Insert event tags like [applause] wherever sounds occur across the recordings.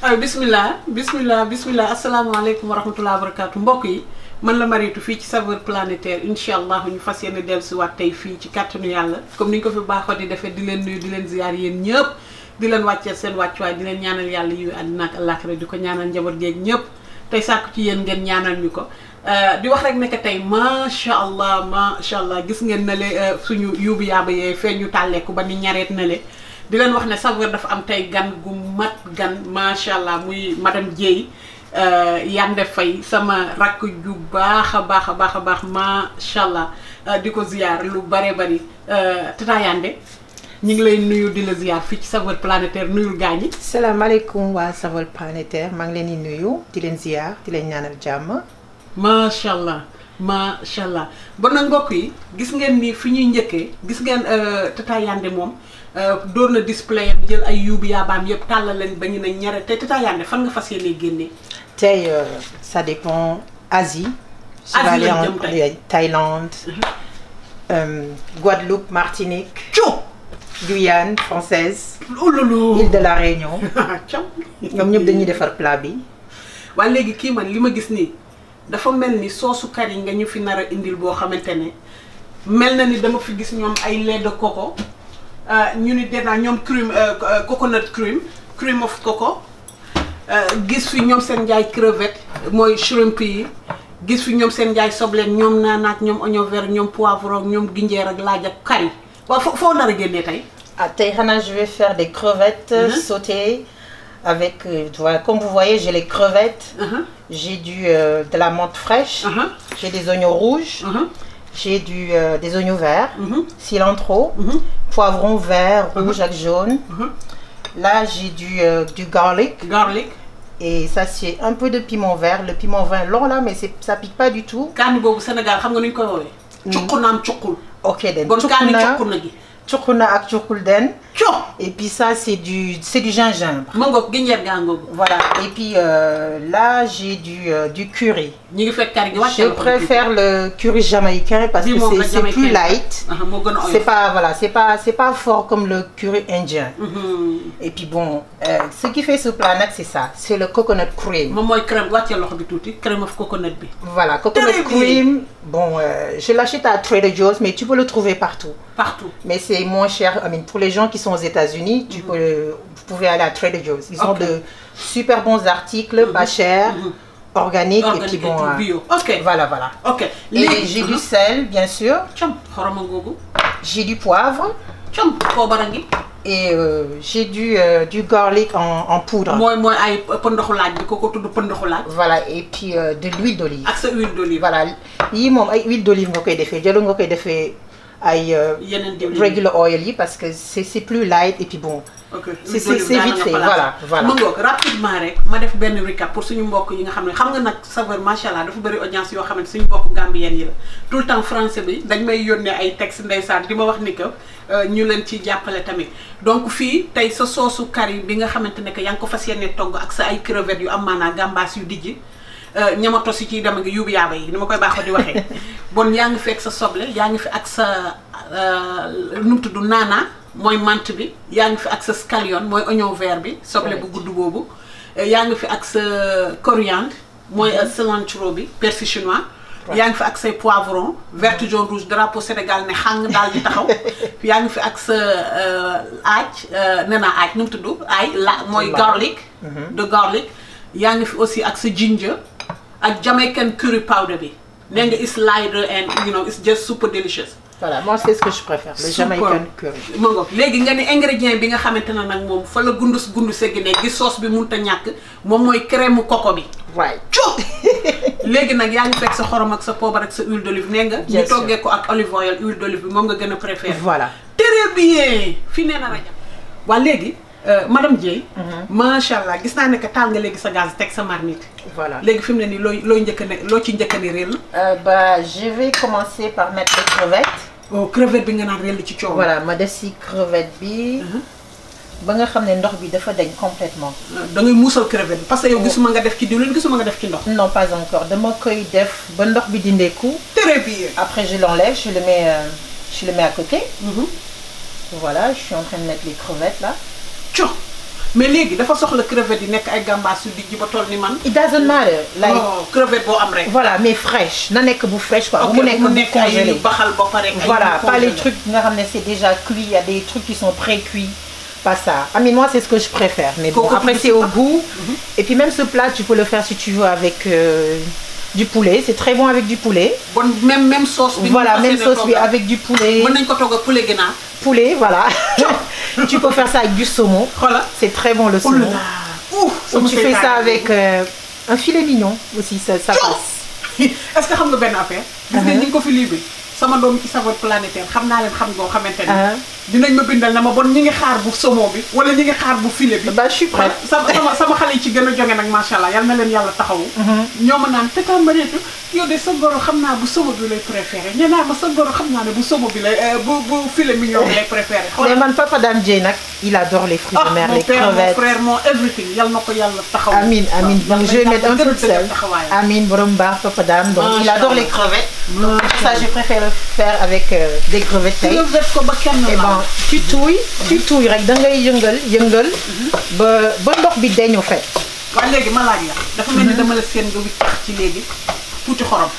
ay ah, bismillah bismillah bismillah asalaamaaleykum wa rahmatulah barakaatu mbokk yi man la Mariétou fii ci saveur planétaire incha allah u ñu fas yéene dellusiwaat tey fii ci kàttanu yàlla comme ni ñu ko fi baaxoo di defee di leen nuyu di leen ziyaar yéen di leen wàcceel seen wàccuwaay di leen ñaanal yàlla yu àddina ak àllaaxira di ñaanal njaboot geeg ñëpp tey sàkku ci yéen ngeen ñaanal ñu ko ah, di wax rek nekk tey macha allah macha allah gis ngeen na le ah, suñu yuubu yaaba yee feeñ ñu tàlleeku ba ni ñareet na di leen wax ne Saveurs dafa am tey gan gu mat gan macha allah muy madame Dieye euh, Yande fay sama rakk ju baax a baax a baax a baax macha allah euh, di ko ziar lu bare bari euh, tata Yande ñu ngi lay nuyu di la ziar fii ci Saveurs Planétaires nuyul gaañ yi. salaamaaleykum waa Saveurs Planétaires maa ngi leen di nuyu di leen ziar di leen ñaanal jàmm. macha allah macha allah bon nag mbokk yi gis ngeen ni fi ñuy njëkkee gis ngeen tata Yande moom. Il euh, display am jël ay sont yaabaam yëpp tàllal leen ba ça dépend Asie. Thaïlande. Mhm. Euh, Guadeloupe Martinique. Guyane française. Oh Île de la Réunion. [laughs] Ah, ñoom ñëpp dañuy defar plat bi. léegi kii man li gis ni dafa mel ni soosu nga ñu fi nar indil boo xamante ne ni dama fi gis ay lait de coco. Euh, ñu ni dena ñom crème euh, euh, coconut cream cream of coco euh gis fi ñom sen njaay crevette moy shrimp yi gis fi ñom sen njaay sobleen ñom naanaak ñom oignon vert ñom poivron ñom ginjeer ak laaj ak curry wa fo foo nar tay ah tay xana je vais faire des crevettes mhm. sautées avec tu vois comme vous voyez j'ai les crevettes mhm. j'ai du de la menthe fraîche mhm. j'ai des oignons rouges j'ai du, euh, des oignons verts, mhm. cilantro, poivrons mhm. verts, poivron vert, mhm. rouge jaune. Là, j'ai du, euh, du garlic. Garlic. Et ça, c'est un peu de piment vert. Le piment vert long là, mais ça pique pas du tout. Quand au Sénégal, hmm. Ok, donc ak Et puis ça, c'est du, du gingembre. Voilà. Et puis euh, là, j'ai du, euh, du curry. Je préfère le curry jamaïcain parce que c'est plus light. C'est pas, voilà, pas, pas fort comme le curry indien. Mhm. Et puis bon, euh, ce qui fait ce planète c'est ça. C'est le coconut cream. Voilà, coconut cream. Bon, je l'achète à Trader Joe's, mais tu peux le trouver partout. Mais c'est moins cher. I mean, pour les gens qui sont aux États-Unis, tu mm-hmm. peux, vous pouvez aller à Trader Joe's. Ils ont de super bons articles, pas mm-hmm. chers. Mm-hmm. organiques Organique, et puis bon. Euh, ok. Voilà, voilà. Ok. j'ai du sel, bien sûr. J'ai du poivre. Et euh, j'ai du, euh, du garlic en, en poudre. Voilà, et puis euh, de l'huile d'olive. Voilà. Huile d'olive, ay euh, regular oil yi parce que c'est c'est plus light et puis bon c'est c'est vite fait voilà voilà mën nga rapidement rek ma def ben recap pour suñu mbokk yi nga xamné xam nga nak saveur machallah dafa bari audience yo xamné suñu mbokk gambien yi la tout le temps français bi dañ may yónnee ay texte ndeysaan dima wax ni que euh, ñu leen ci jappalé tamit donc fi tay sa sauce curry bi nga xamante ne que yaa ko fassiyene togg ak sa ay crevettes yu am maanaa gambaas yu dijji euh, ñamato si ciy dem ak ni koy bon yaangi sa soble yaangi fi ak sa euh nana moy bi fi ak sa scallion oignon vert bi soble bu gudd bobu euh, yaangi fi ak sa coriandre euh, mhm. cilantro bi persil chinois fi poivron vert jaune rouge drapeau Sénégal ne Hang dal di taxaw [laughs] yaangi fi ak sa la garlic de mhm. garlic yaangi fi aussi ak ginger ak Jamaican curry powder bi nee nga is lighter and you know it's just super delicious. voilà moi c'est ce que je léegi nga ne ingrédient bi nga xamante ne nag moom fa la gundus gundus gi ne gi soos bi mënut a ñàkk moom mooy crème coco bi. waay coo [laughs] léegi nag yaa ngi fekk sa xorom ak sa poobar ak sa huile d'olive nee nga. ñu toggee ko ak olive oil huile d'olive bi moom nga gën a préféré. voilà très bien fii nee na rajo. waa léegi. Euh, madame Dieye. Mhm. macha allah gis naa ne que taal nga léegi sa gaz teg sa marmite. voilà léegi fi mu ne nii looy looy njëkk ne loo ci njëkk ne réel. Euh, bah je vais commencer par mettre les crevettes. oh crevettes bi nga naan réel ci coow. voilà ma def crevettes crevette bi. Mhm. ba nga xam ne ndox bi dafa dañ complètement euh, da ngay muusal crevettes. parce que yow oh. gisuma nga def ci diwlin gisuma nga def ci ndox. non pas encore dama koy def ba ndox bi dindeeku. très bien après je l'enlève je le mets je le mets à côté. Mhm. voilà je suis en train de mettre les crevettes là mais les dafa le crevette yi nekk ay gamme yu dijji ba toll ni man. it doesn't matter. like oh, crevette am voilà mais fraîche na que vous fraîche quoi. vous nekk que congelé voilà pas les trucs nga c'est déjà cuit y a des trucs qui sont pré-cuits. pas ça. Ah mais moi c'est ce que je préfère. Mais bon, après c'est au goût. Mhm. Et puis même ce plat, tu peux le faire si tu veux avec euh, du poulet c'est très bon avec du poulet. bon même même sauce voilà même sauce oui avec du poulet. Bon, poulet poulet voilà [laughs] tu peux faire ça avec du saumon. voilà c'est très bon le oh saumon. ouf ou tu fais ça avec euh, un filet mignon aussi ça ça passe. [laughs] est-ce que xam nga benn affaire. gis nga uh-huh. ñu ngi ko fi livré sama doom ci saveur planétaire xam as leen xam faire xamante dinañ ma bindal na ma bon ñi ngi xaar bu somo bi wala ñi ngi xaar bu filé bi. ba sama sama xale ci gëna joggé nak machallah yalla na leen yàlla taxawu. ñoma ma naan tata mariatu yow de sa goro xam naa bu sobo bi lay préféré nee naa ma sa goro xam naa ne bu sobo bi lay eh, bu bu filet mignon lay préféré. mais man papa Dame Dieye nag il adore les fruits de ah, mer les crevettes ah mon frère mon everything yal na ko yàlla taxaw. amiin amiin donc je vais mettre un peu de sel amiin borom baax papa d'Am, donc il adore les crevettes. donc ça je préfère faire avec euh, des crevettes tey. ko ba kenn et bon tu tuuy. tu tuuy rek da ngay yëngal yëngal. ba ba ndox bi deñu fait. waaye léegi ma la. dafa mel ni mhm. dama la seen nga ci léegi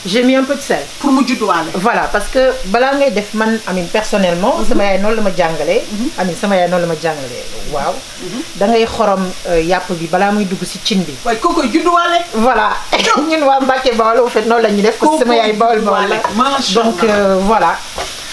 j'ai mis un peu de sel. pour du douane. voilà parce que def man personnellement. Mhm. sama ma je mhm. Amine sama yaay ça ma un waaw. Mhm. da ngay xorom euh, bi muy dugg si voilà [laughs] ñun au fait non la def. sama donc euh, voilà.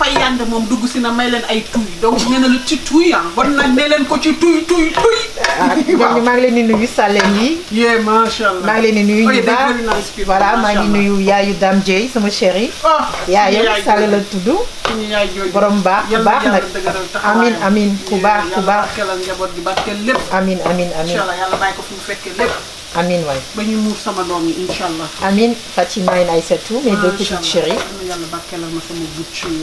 fay yànd moom dugg si na may leen ay tuy donc nee na lu ci tuy ah bon nag leen ko ci tuy tuy tuy. Ah, waaw maa ngi leen di nuyu Salem yi. yee macha allah maa ngi leen di nuyu oh, ñu baax voilà maa ngi nuyu yaayu Dame Dieye sama chéri. Oh, yaayu Sall la tudd. borom baax ku baax nag amin amin ku baax ku baax. amin amin amin. amin oui. amin Fatima et tout mes deux petites chéries.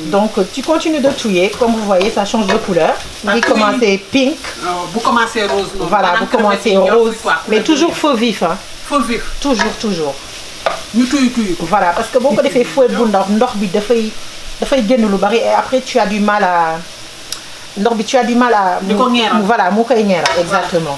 donc tu continues de touiller comme vous voyez ça change de couleur. Vous commencez pink. Vous commencez rose voilà vous commencez rose mais toujours faux vif hein. Faux vif toujours toujours. Voilà parce que voilà parce que boo ko defee fouet bu ndox ndox bi dafay dafay le lu et après tu as du mal à ndox tu as du mal à. voilà mu exactement.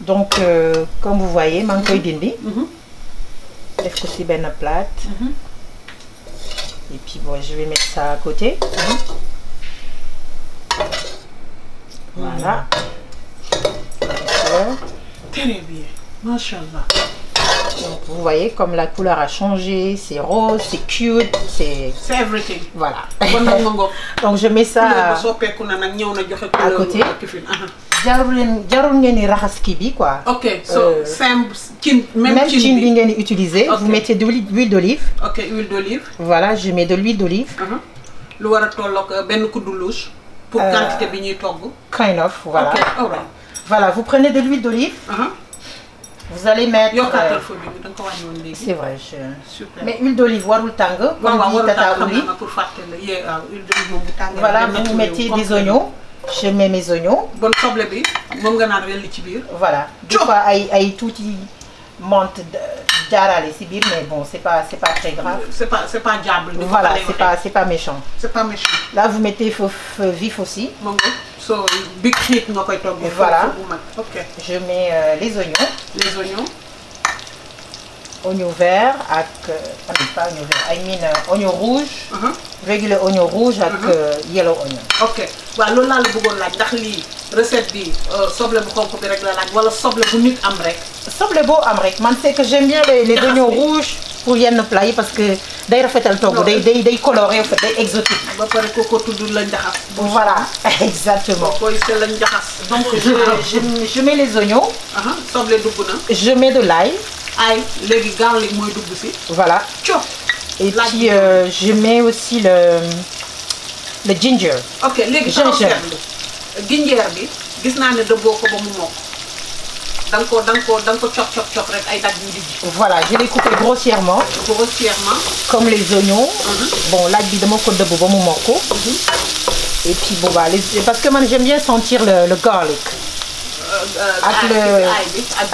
donc euh, comme vous voyez maa koy dindi. Mhm. Mhm. def une plate. Mhm. et puis bon je vais mettre ça à côté. voilà. très bien vous voyez comme la couleur a changé c'est rose c'est cute c'est. c'est everything. voilà [laughs] donc je mets ça. à côté jarul leen raxas bi quoi. ok so euh, simple même chin bi ngeen utiliser. vous mettez de l'huile d'olive. ok huile d'olive. voilà je mets de l'huile d'olive. Uh-huh. lu war ben tolloog euh, kuddu louche. pour euh, quantité bi ñuy togg. kind of voilà. ok voilà vous prenez de l'huile d'olive. Uh-huh. vous allez mettre c'est vrai je super mais huile d'olive warul comme tata huile d'olive voilà vous mettez des oignons je mets mes oignons. bon soble bi mom nga naan wel li ci biir. voilà des fois ay ay monde menthe jarale les biir mais bon c'est pas c'est pas très grave. Euh, c'est pas c'est pas diable. voilà c'est pas c'est pas méchant. c'est pas méchant. là vous mettez feu vif aussi. moom so big heat nga voilà ok je mets euh, les oignons. les oignons oignon vert avec, euh, pas oignon vert I mean euh, oignon rouge. Uh-huh. regular oignon rouge ak uh-huh. euh, yellow oignon. ok Voilà loolu le la bëggoon laaj recette bi soble bu pour faire rek la laaj wala soble bu nit am rek. soble boo am rek man c'est que j'aime bien les les oignons rouges pour y plat plaire parce que day rafetal togg day day day coloré day exotique. ba pare kooko tudd la njaxas. voilà [laughs] exactement. kooko yi la njaxas. donc je je mets les oignons. Uh-huh. soble dugg na. je mets de l'ail voilà et puis euh, je mets aussi le le ginger. ok le ginger ginger Encore, voilà je l'ai coupé grossièrement. grossièrement. comme les oignons. Mhm. bon là de de ko ba mu mhm. et puis bon bah les... parce que moi, j'aime bien sentir le le garlic ak le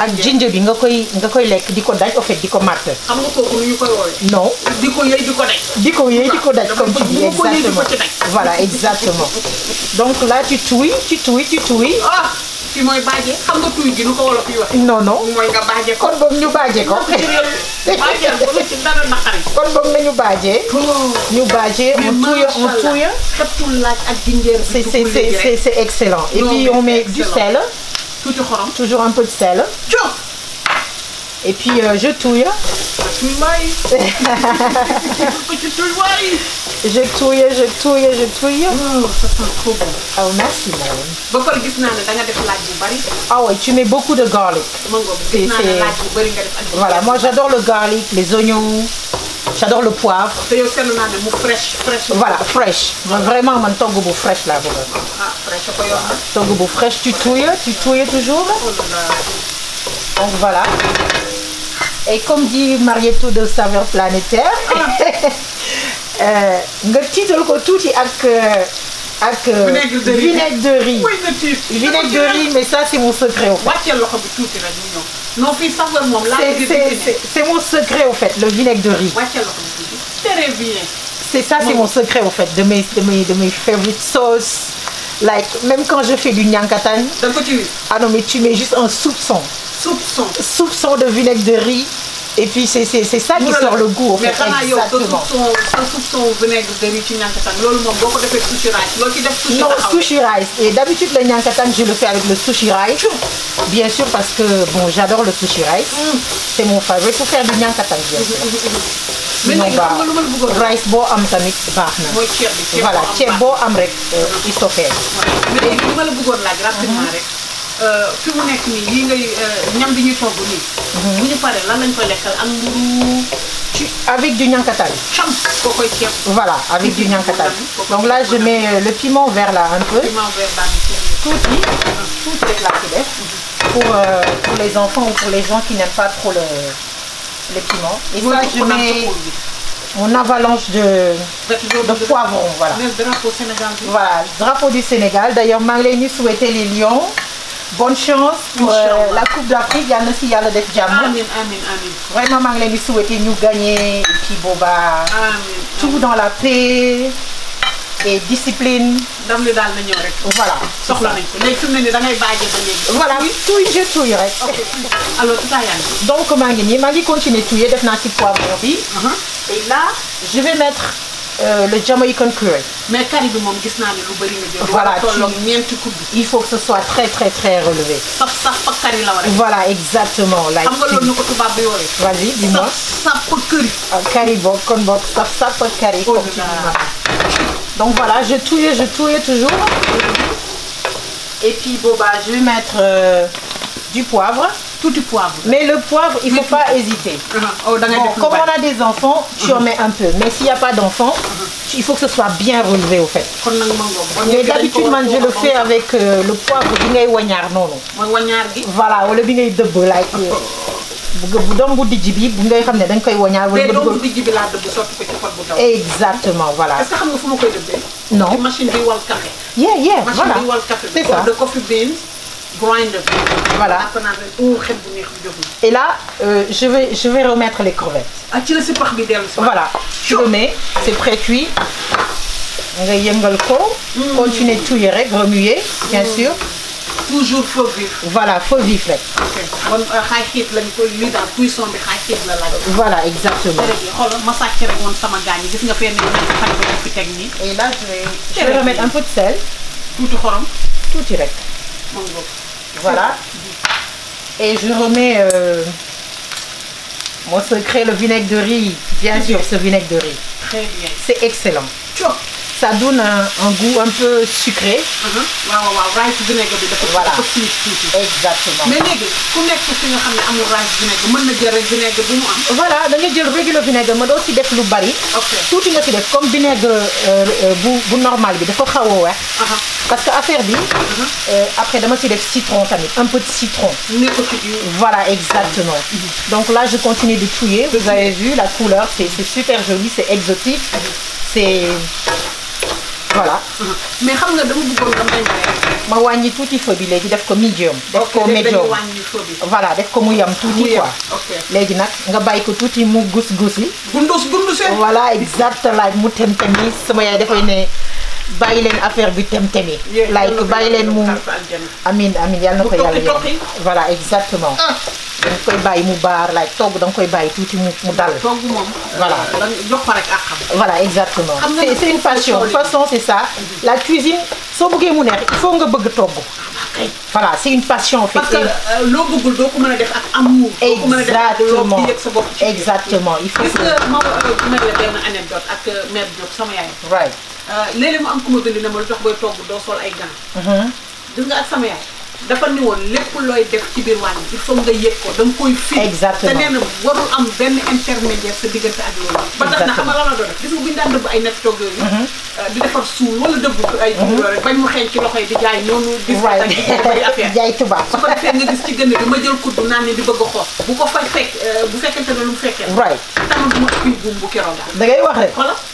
ak jinje bi nga koy nga koy lekk di ko daj au fait di ko màtt. xam nga kooku ñu koy woowee. non di ko yëy di ko daj. di ko yëy di ko daj comme tu exactement voilà exactement donc là tu touilles tu touilles tu touilles. Ah, fii mooy bàjjee xam nga tuy gi ñu ko wolof yi wax. non non moy nga bajé kon boobu ñu bajé ko. bajé bu ba ci dara nakari kon boobu nañu bajé oh. ñu bajé on touille on touille. képp laaj ak jinjeer. c'est c'est c'est excellent. et puis on met du sel toujours un peu de sel. et puis euh, [laughs] je touille. je touille, je touille, je touille. Oh, ça sent trop bon. Oh, merci, Ah ouais, tu mets beaucoup de garlic. Voilà, moi j'adore le garlic, les oignons. J'adore le poivre. fraîche, fraîche. Voilà, fraîche. Vraiment, mon tongoubo fraîche là. Ah, fraîche, Tongoubo fraîche, tu touilles, tu touilles toujours. Oh Donc voilà. Et comme dit Marietto de Saveur Planétaire, le petit tout le euh, vinaigre de riz vinaigre de vinaigre de riz mais ça c'est mon secret en fait. c'est mon secret en fait le vinaigre de riz. c'est ça c'est mon secret en fait de mes de mes de favorite sauces like même quand je fais du nyankatan. ah non mais tu mets juste un soupçon. soupçon soupçon de vinaigre de riz. Et puis c'est ça qui sort le goût. mais vinaigre de sushi rice rice et d'habitude le je le fais avec le sushi rice bien sûr parce que bon j'adore le sushi rice c'est mon favori faut faire du rice voilà c'est am avec du nyankatari. voilà avec du nyankatari. donc là je mets euh, le piment vert là un peu. pour les enfants ou pour les gens qui n'aiment pas trop le le piment. et là je mets mon avalanche de de poivrons voilà. voilà drapeau du Sénégal d'ailleurs maa souhaitait les lions bonne chance pour la Coupe d'Afrique yàlla na si le def jàmm. Amen, amen, amen. vraiment maa ngi leen di souhaiter ñu gagner kii boobaa. amiin tout dans la paix et discipline. ndam li daal rek. voilà soxla nañ ko léegi fi mu da ngay voilà je touille. ok alors tout à donc maa je vais continuer à continuer je vais naa ci poivron bi. Uh-huh. et là je vais mettre. Euh, le Jamaican curry. mais voilà il faut que ce soit très très très relevé. voilà exactement. vas-y dis-moi donc voilà je touille je touille toujours. et puis bon bah je vais mettre euh, du poivre du poivre. mais le poivre il faut pas hésiter. Ah ben, oh, comme on a des enfants. tu en mets un peu mais s'il n'y a pas d'enfants. Uh-huh. il faut que ce soit bien relevé au fait. mais d'habitude je le fais avec euh, le poivre du wagnar non? voilà wala le oh. de exactement voilà. est-ce que non machine c'est voilà. Et là, euh, je, vais, je vais remettre les crevettes. Ah, voilà. Tu le mets, c'est pré-cuit. Mm. Continuez tout rek, remuer, bien mm. sûr. Toujours faux vif. Voilà, faux vif euh, Voilà, exactement. Et là, je vais, remettre un peu de sel. Tout rek. Voilà. Et je remets euh, mon secret, le vinaigre de riz. Bien sûr, ce vinaigre de riz. Très bien. C'est excellent. Tchou ça donne un, goût un peu sucré. Uh-huh. waaw waaw rice vinaigre bi dafa dafa siif tuuti. exactement mais léegi ku nekk fi nga xam ne amul rice vinaigre mën na jël rek vinaigre bu mu am. voilà da nga jël regular vinaigre ma doo ci def lu bari. tuuti nga ci def comme vinaigre euh, euh, bu bu normal bi dafa xaw a weex. Uh-huh. parce que affaire bi. Uh-huh. Euh, après dama ci def citron tamit un peu de citron. voilà exactement. donc là je continue de fouiller. vous avez vu la couleur c'est c'est super joli c'est exotique. c'est voilà. mais xam nga dama ma wàññi tuuti feu bi léegi def ko medium. def ko medium voilà def ko mu yam tuuti quoi. léegi nag nga bàyyi ko tuuti mu gus gus yi. gundus gundusee. voilà exact laaj mu tem tem sama yaay dafay ne. bàyyi leen affaire bi tem-temi like bàyyi leen mu amine amin yàlla na ko voilà exactement ah. danga koy bàyyi mu baar like togg dang koy bàyyi touti mou mu dal togg mom voilà jox ko rek ak voilà exactement c'est une passion façon c'est ça mhm. la cuisine so bëggee mou neex il faut nga bëgg togg voilà c'est une passion parce que euh, lo bëggul doo ko mën def ak amour doo ko mën def ak exactement il faut que ma la benn anecdote ak euh, mère Diop sama yaay right Euh, léeg-léeg mu am ku ma bind na ma lu tax booy togg doo sol ay gan uh-huh. gis nga ak sama yaay dafa ni woon lépp looy def ci biir wàññi il faut nga yëg ko da nga koy. exactement te nee na warul am benn intermédiaire sa diggante ak loolu. ba bu ñu daan dëbb ay net togg yooyu. Uh-huh. Euh, di defar suul wala dëbb ay. Uh-huh. suul rek bañ mu xeeñ ci loxo yi di jaay noonu. gis nga di def ay affaire [laughs] jaay tubaab. su ko defee nga gis ci gën bi ma jël kuddu naan ne di bëgg a xoos. bu ko fay fekk euh, bu fekkente ne lu mu fekkee. waay tamit mu ëpp buum bu keroog daal. da ngay wax rek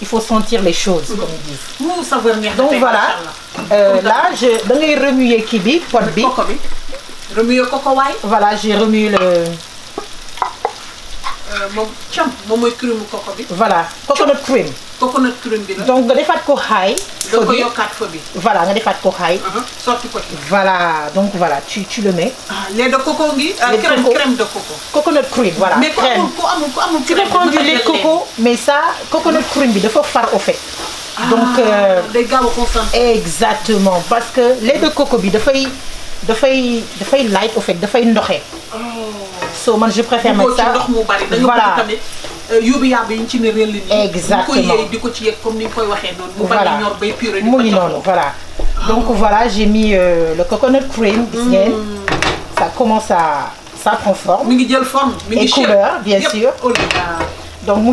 il faut sentir les choses, comme ils disent. Donc voilà, euh, là, je vais remuer kibi, pot bi. Voilà, j'ai remué le... Euh, moom cam moom mooy cream koko bi. voilà coconut cream. coconut cream bi donc nga defaat ko xaay. fo bi nga ko yokkaat bi. voilà nga defaat ko xaay. Uh-huh, sotti ko ci. voilà donc voilà tu tu le mets. ah lait de coco ngi. Euh, crème crème de coco. coconut cream voilà. mais ku amul ku amul ku crème tu prends du lait coco mais ça coconut cream bi dafa far au fait. Ah, donc euh, day gaaw a concentré. exactement parce que lait de coco bi dafay dafay dafay light au fait dafay ndoxe. Ah je préfère mettre ça voilà euh, ah. donc voilà j'ai mis euh, le coconut cream. Mm. ça commence à ça prend forme. et couleur bien sûr. Oh donc mon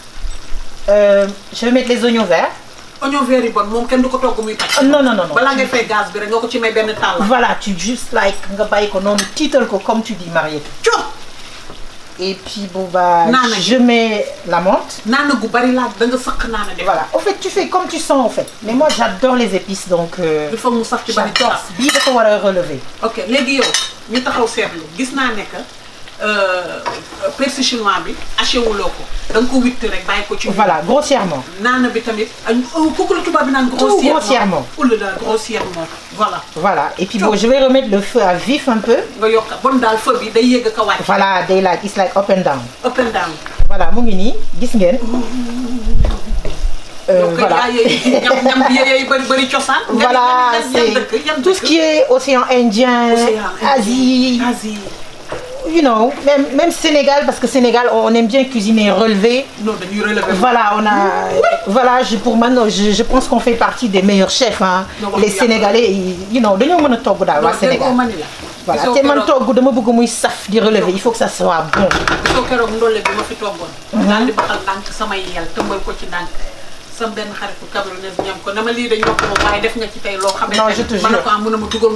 Euh, je vais mettre les oignons verts. Oignons verts, yi bon moom kenn du ko togg muy tàcc. Euh, non non non balaa ngay fay gaz bi rek nga ko ci may benn voilà tu juste like nga bàyyi ko noonu tiital ko comme tu dis Mariette. coow. et puis bon bah. je mets la menthe. naana gu bari laa da nga sëq voilà au fait tu fais comme tu sens en fait. mais moi j'adore les épices donc. Euh, il faut mu saf ci bari bii dafa war a relever. ok les yow ñu taxaw faire, gis naa n'eka. que. Euh, persil chinois bi haché wuloo dang ko witt rek bàyyi ko ci. voilà grossièrement. nana bi tamit euh, ko la tuba bi naan. grossièrement grossièrement. oulala grossièrement voilà. voilà et puis bon je vais remettre le feu à vif un peu. nga yokk bon dal feu bi day yéeg ka wàcc. voilà day like it's like up and down. up and down. voilà mu ngi nii gis ngène Euh, voilà. voilà c'est tout ce qui est océan Indien, Asie, Asie you know, même, même Sénégal, parce que Sénégal, on aime bien cuisiner relevé. Non, voilà, on a, oui. voilà, je, pour maintenant, je, je pense qu'on fait partie des meilleurs chefs. Hein. Non, les Sénégalais, ils, you know, dañoo mën a togg daal waa Sénégal. voilà au man togg dama bëgg muy saf di relevé il faut que ça soit bon. gisoo keroog ndolle ma fi yel ko ci ñam ko def nga ci non je te jure ma ne ko am ah, mu ne ma dugal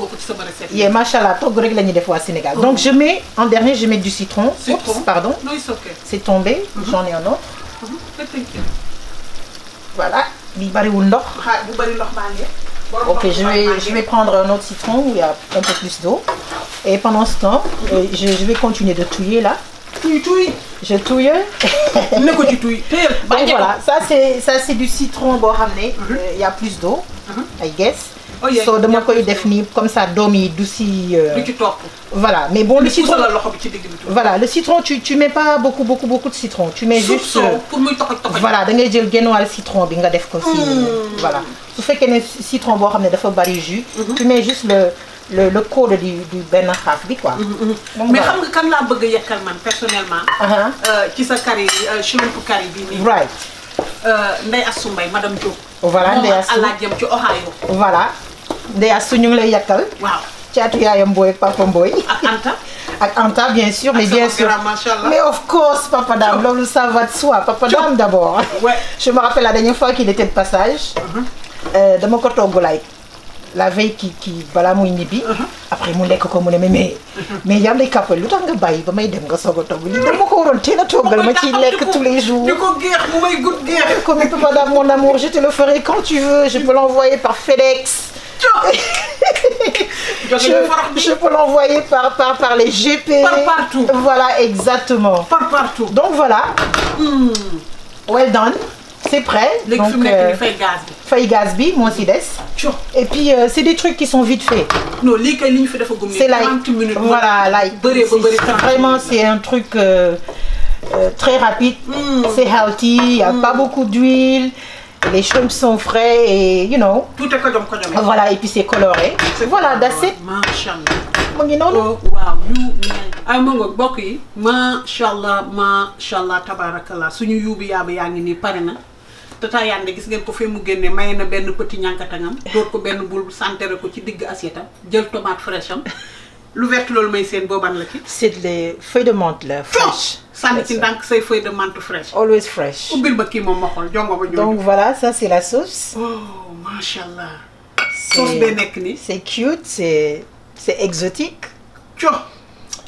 nga allah togg rek def Sénégal donc je mets en dernier je mets du citron oups pardon Non, c'est tombé mhm. j'en ai un autre mhm. voilà li bariwul ndox ah, bari ok je vais je vais prendre un autre citron où il y a un peu plus d'eau et pendant ce temps euh, je, je vais continuer de touiller là touille touille je touille. le [laughs] que tu touilles. voilà, ça c'est ça c'est du citron bon ramener. il mhm. euh, y a plus d'eau. Mhm. I guess. Oh, soo dama koy def comme ça dormi douci. du tu euh, voilà mais bon le citron loxo voilà le citron tu tu mets pas beaucoup beaucoup beaucoup de citron. tu mets juste euh, voilà da ngay jël le citron bi nga def ko si. Hmm. voilà su que le citron bon ramener des fois bari jus. Mhm. tu mets juste le le le code du du Ben xaaf bi quoi. Mhm, mhm. mais xam nga kan la bëgg a yekkal man personnellement. Uh-huh. Euh, ci sa carré suis euh, carré bii nii. right. Euh, Ndeye Assou Mbaye madame Diop. voilà Ndeye Assou moom jëm ci Ohio. voilà Ndeye Assou ñu ngi lay yekkal. waaw caatu yaayam Mboy ak papa boy. [laughs] ak Anta. ak Anta bien sûr mais bien sûr mais of course Papa Dame loolu ça va de soi Papa Dame d'abord. je me rappelle la dernière fois qu'il était de passage. Mhm. dama ko togg like la veille qui qui voilà mon inibi mhm. après mu lekk ko mu ne mais mhm. mais y a kàppal lu tax nga bàyyi ba may dem nga soog a togg lii dama ko waroon teel a toggal ma ciy tous les jours. ñu coup guerre, mu may comme madame mon amour je te le ferai quand tu veux je peux l'envoyer par FedEx. [laughs] je, je peux l'envoyer par, par, par les GP. Par partout. Voilà, exactement. Par partout. Donc voilà. Hmm. Well done c'est prêt. Donc, euh, feuille Et puis euh, c'est des trucs qui sont vite faits. C'est like, voilà, like, vraiment c'est un truc euh, très rapide, hmm. c'est healthy, il n'y a hmm. pas beaucoup d'huile, les chums sont frais et you know. Tout est Voilà, et puis c'est coloré. Voilà, that's it. machallah, oh, ma tabarakallah tata Yande gis ngeen ko fi mu génne may na benn petit ñankatangam dóor ko benn bul santere ko ci digg assiette jël tomate fraîche am lu vert loolu may seen booban la ci. c'est les feuilles de menthe la fraîche. sànni ci ndànk say feuilles de menthe fraîche. always fresh. ubbil ma kii moom ma xool jongo ba ñëw. donc voilà ça c'est la sauce. oh macha allah. sauce bee nekk nii. c'est cute c'est c'est exotique. co.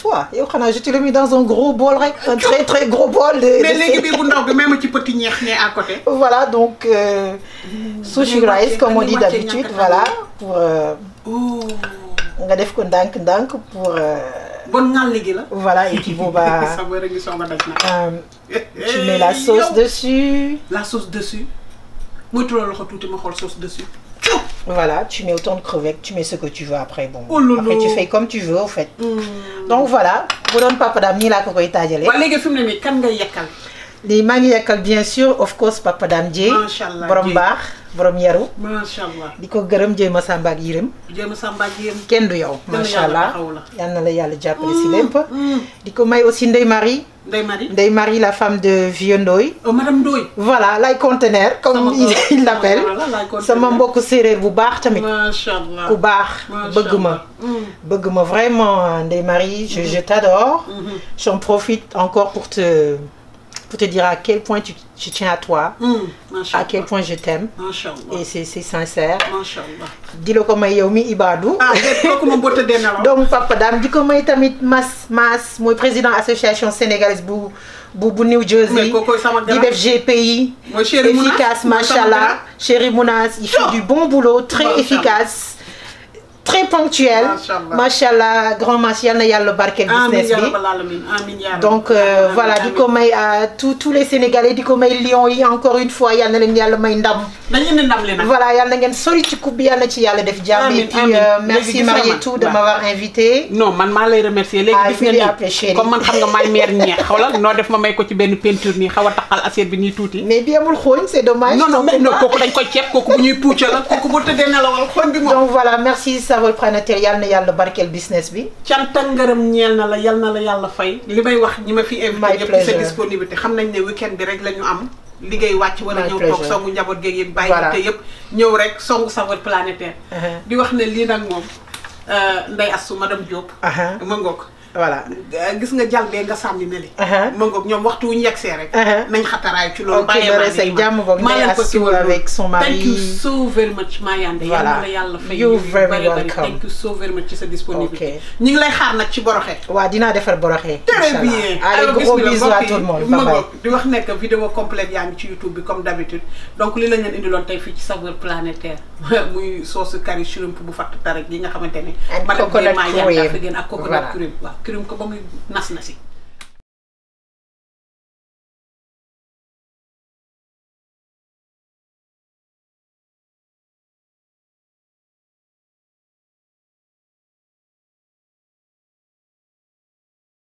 toi on a je te l'ai mis dans un gros bol rek un très très gros bol. de mais léegi bii bu ndaw bi même ci petit ñeex à côté. voilà donc euh, sushi rice comme on dit d'habitude voilà pour. Euh, nga def ko ndànk ndànk pour. Euh, bon ngàll gi la. voilà et puis boobaa. [laughs] Euh, eh, tu eh, mets la sauce dessus. la sauce dessus. moi tural loxo tuuti ma sauce dessus. Voilà, tu mets autant de crevettes, tu mets ce que tu veux après. Bon, oh après tu fais comme tu veux au fait. Hmm. Donc voilà, vous donne papa d'amni la ko les tajalé. les ni yakal. bien sûr, of course papa dam Inchallah borom yaru Diko allah di ko gërëm Jéy Masamba ak Yirim Jéy Masamba ak Yirim kenn du yow macha allah yal mm, mm. may aussi Ndey Marie Ndey Marie Ndey Marie la femme de Vieux Ndoy. oh madame Ndoy. voilà la conteneur comme il l'appelle sama mbokk séeréer bu baax tamit macha allah ku baax bëgg ma mm. bëgg vraiment hein, Ndey Marie je mm-hmm. t'adore mm-hmm. j'en profite encore pour te pour te dire à quel point tu, tiens à toi, hmm, à quel point je t'aime. Et c'est sincère. Dis-le comme Yomi Ibadou. Ah, Donc, papa, dame, dis comme Tamit Mas, Mas, moi, président association sénégalaise pour bu New Jersey di efficace Mashallah. chérie Mounas il fait du bon boulot très efficace très ponctuel macha grand mas yal na yàlla barkeel business bi donc euh, voilà di ko may à euh, tous tous les sénégalais di ko may lions yi encore une fois a le leen yàlla may ndam voilà yal na ngeen sori ci coupes bi tu y ci le def jàmm et puis euh, merci tout de m'avoir invité non man maa lay remercier léegi ah, gis nga nii comme man xam nga maay meer ñeex xawlal def ma may ko ci ben peinture ni, xaw a taqal assiette bi nii mais bi amul xooñ c'est dommage non non kooku dañ koy quoi kooku bu ñuy puuca là, kooku bu tëddee nelawal xooñ bi moom donc voilà merci Saveurs Planétaires yal na yàlla barkeel business bi. cant ak ngërëm ñeel na la yal na la yàlla fay. li may wax ñi ma fi invité yëpp ci sa disponibilité xam nañ ne weekend bi rek la am. liggéey wàcc wala ñëw toog songu njaboot géeg yëpp bàyyi te yëpp ñëw rek songu Saveurs Planétaires uh-huh. di wax ne lii nag moom euh, Ndeye ma dem Diop uh-huh. ma ngoog voilà gis nga jal bee nga sànni ne li uh-huh. ma ngoog ñoom waxtu wu ñu yegsee rek uh-huh. nañ xataraay ci loolu bàyyi ma leen ko siwal avec son mari thank you so very much Mayande yàlla la yàlla fay you very welcome thank you so very much ci sa disponibilité ñu ngi lay xaar nag ci boroxe waaw dinaa defar boroxe très bien alors gros bisous à tout le monde ma ngoog di wax nekk vidéo complète yaa ngi ci youtube bi comme d'habitude donc li lañ leen indiloon tey fii ci saveur planétaire [laughs] muy soosu curry shrimp bu fatt tarek yi nga xamante ne ma def maa yàlla fi gën ak coconut cream waaw creo un poco más así.